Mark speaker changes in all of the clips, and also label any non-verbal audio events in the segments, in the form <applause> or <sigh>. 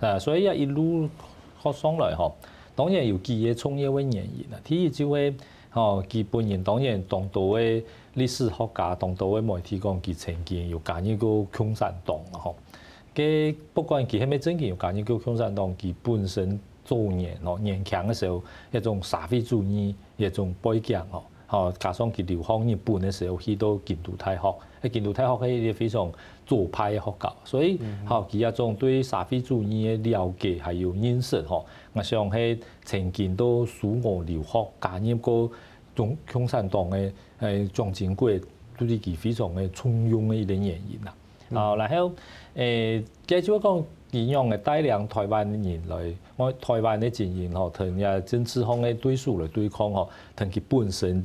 Speaker 1: 啊，所以一一路學上來吼，當然有記憶創業的原因啦。第二招咧，吼基本然當然當到嘅歷史學家，當到嘅媒體講佢前景，又加入過共產黨啊！嗬，既不管佢喺咩政見，又加入過共產黨，佢本身早年哦年輕嘅時候一種社會主義一種背景吼。吼、哦，加上去留學日本嘅時候去到京都大學，喺京都大學係一個非常左派嘅學校，所以嚇佢、嗯嗯、一種對社會主義嘅了解還有認識吼，我像迄曾經都赴俄留學加入過中共產黨嘅蔣經國，都係佢非常嘅崇敬嘅一個原因啦。啊、嗯，然後誒即係主要講引用大量台灣人嚟，我台灣嘅精英嗬，同日政治方嘅對手來對抗吼，同佢本身。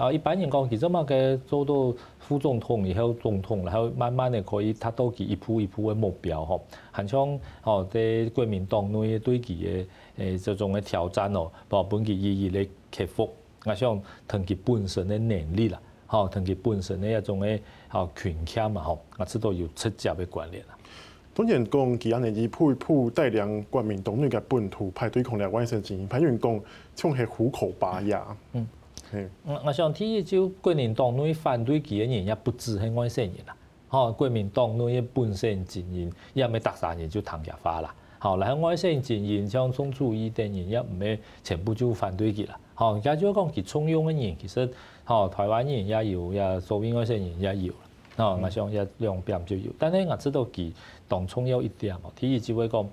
Speaker 1: 啊，一般人講，其實嘛，佮做到副總統，然後總統，然後慢慢的可以達到其一步一步的目標，吼。好像哦，在國民黨內對其嘅誒，這種嘅挑戰咯，包括本其意義來克服，我想同其本身的能力啦，吼，同其本身的那種誒，吼，權卡嘛，吼，啊，這都有直接嘅關聯啦。
Speaker 2: 當然講，其他年紀一步一步帶領國民黨內嘅本土派對抗外省菁英派，因為講，像係虎口拔牙。嗯。嗯
Speaker 1: 嗯，我想睇嘅就國民黨內反對佢嘅人也不止係外省人啦，嚇國民黨內嘅本身精英，一唔係特殺人就唐家法啦，嚇嚟係外省人，像中柱依啲人一唔係全部就反對佢啦，嚇，或者講其佢重用嘅人，其實嚇、哦、台灣人也有也本省人也有啦，嚇我想一兩邊就有，但係我知道其當重用一點、嗯、啊，睇佢只會講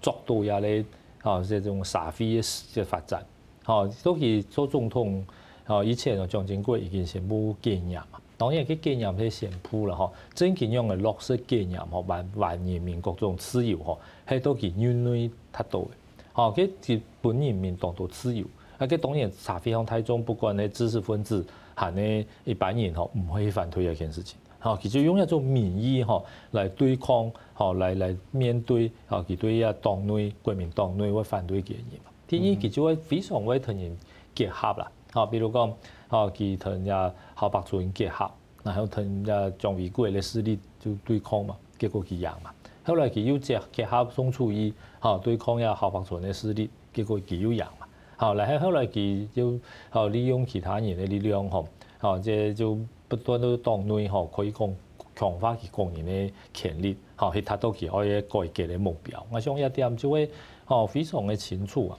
Speaker 1: 作度嘢咧嚇即係種社會嘅發展，嚇、哦，都係做總統。哦，以前哦，蔣經國已經是冇經驗嘛。當然佢經驗係先普了吼，真正用嘅落實經驗，嗬，萬萬人民各種自由，吼，迄都係軟弱太多嘅，吼，佢係本人民當到自由，啊佢當然差非常太重，不管係知識分子，係呢一般人，吼毋可以反對啊件事情，吼、啊，其實用一種民意，吼來對抗，吼、喔，來來面對吼，嚇佢對啊黨內國民黨內會反對建議嘛。第二佢就非常為他人結合啦。好，比如講哈佢同一郝柏村結合，然後同一蔣緯國嘅勢力，就對抗嘛，結果佢贏嘛。後來佢又接結合宋楚瑜哈、哦、對抗遐郝柏村嘅勢力，結果佢又贏嘛。好，來，後好來佢又，哦利用其他人嘅力量，吼、哦，哦即就不斷都動內、哦，吼可以講強化佢個人嘅權力，吼、哦，去達到佢迄個改革嘅目標。我想迄點就會，吼，非常嘅清楚啊。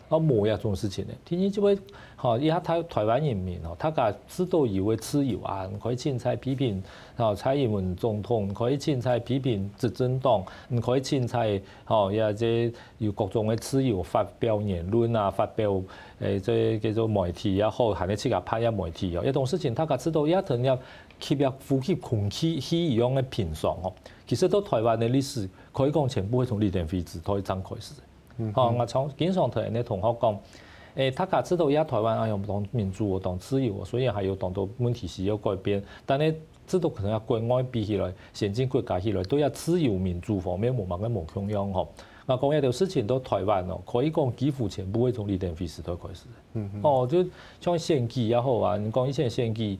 Speaker 1: 啊，莫呀種事情嘞！天天即位，吼，一下台台灣人民哦，他個諸道伊有自由啊，可以精采批評，蔡英文總統，可以精采批評執政黨，可以精采吼，一即有各種嘅自由，發表言論啊，發表誒，即叫做媒體也好，下面企業家拍一媒體哦，一種事情，他個諸道一下同人吸入呼吸空氣起樣嘅屏爽哦。其實到台灣嘅歷史，可以講全部會從李登輝時代張開始。嚇、嗯！我從經常同啲同學講，誒、欸，大家知道而家台灣係用當民主喎，自由，所以還有當到問題需要改變。但係知道可能同國外比起來成個國家起來對一自由民主方面冇乜嘅冇影響嗬。我講一條事情都台灣哦，可以講幾乎全部會從李登輝時代開始。嗯嗯。哦、喔，就像獻祭也好啊，你講以前獻祭。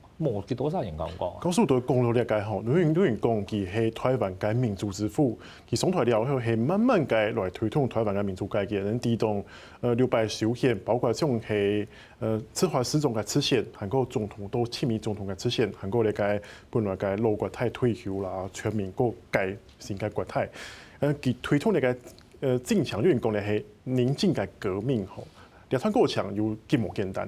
Speaker 1: 冇幾多少人講、
Speaker 2: 啊，講蘇都公路嚟解吼，如果如果講，佢係台灣嘅民主之父，佢上台了後係慢慢嘅來推動台灣的民主改革，人地種呃留敗首錢，包括仲係呃執法始終嘅出現韓國總統都親民總統嘅出現韓國嚟講本來該老國泰退休啦，全民國改新個國泰，呃佢推動嚟嘅呃正常嚟講咧係寧靜嘅革命吼，你、喔、睇過強又幾無簡單。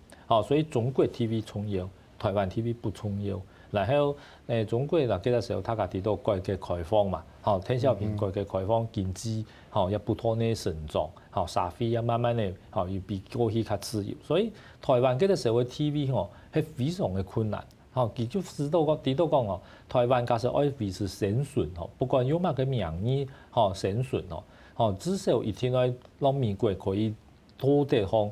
Speaker 1: 哦，所以中國 TV 重要，台灣 TV 不重要。然後誒，中國嗱嗰陣時候，大家啲都改革開放嘛，吼，鄧小平改革開放建基，吼，又不拖呢成長，吼，紹飛啊，慢慢誒，吼、喔，伊比過去較自由。所以台灣這個社會 TV 哦、喔，係非常誒困難。哦、喔，佢就似到講，啲都講，吼，台灣其實愛維持生存吼，不管有乜個名義，吼，生存吼，吼，至少一天內攞美國可以多地方。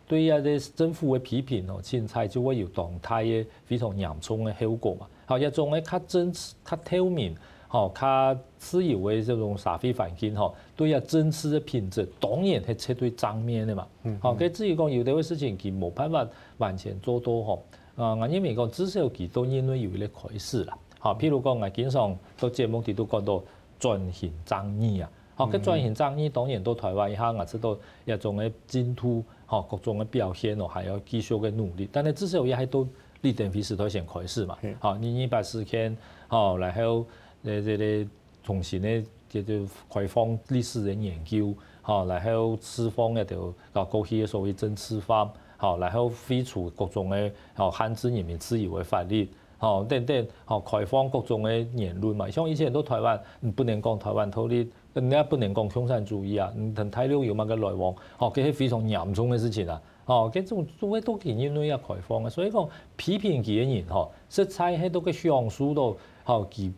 Speaker 1: 對啊，啲政府的批評哦，青菜就會有動態嘅 <noise> 非常嚴重的後果嘛。哦，一種嘅較真、較透明、好較，較自由嘅這種社會環境，好對啊，真實的品質當然係切對正面的嘛。哦、嗯，佢、嗯、至於講有的事情，佢冇辦法完全做到，哦。啊，我認為講至少幾多年內有要個開始啦。哦、啊，譬如講我經常在節目啲都講到轉型正義啊。哦，佢轉型正義當然到台灣一下，我睇到一種嘅進度。哦，各種嘅表現哦，還要繼續嘅努力。但是至少也係到李登輝時代先開始嘛。哦，二二八事件，哦，然後咧，這裏重新咧，叫做開放歷史嘅研究，哦，然後釋放一條舊過去嘅所謂政治犯，哦，然後廢除各種嘅哦，限制人民自由嘅法律。好對對，好開放各種嘅言論嘛，像以前都台灣，不能講台灣獨立，你也不能講共產主義啊，同大陸有乜個來往，好佢係非常嚴重的事情啊，哦，佢仲做都多因為要開放嘅，所以講批評佢嘅人，哦，色彩很多嘅相素都，哦，佢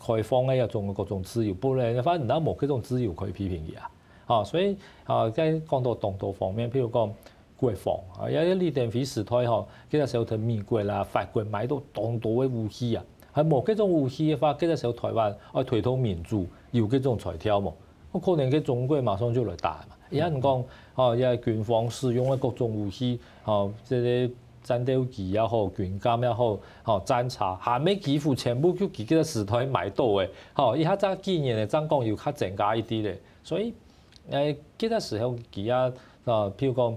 Speaker 1: 開放嘅一種各種自由，不能，反正你冇各種自由可以批評佢啊，哦，所以，啊、呃，講到當導方面，譬如講。國防啊！有一啲電時代吼，計佢就受台美國啦、法國買到當多的武器啊。啊無計種武器嘅話，佢就受台灣啊推動民主，有計種彩挑嘛。我可能計中國馬上就嚟打嘛。伊安唔講，嚇、嗯，而家軍方使用嘅各種武器，吼、哦，即、這個戰鬥機也好，軍艦也好，吼戰車，係咪幾乎全部都係佢哋事台買到嘅？嚇、哦，而家近年嚟，蔣光有較增加一啲咧，所以誒計哋使用幾啊？啊，譬如講。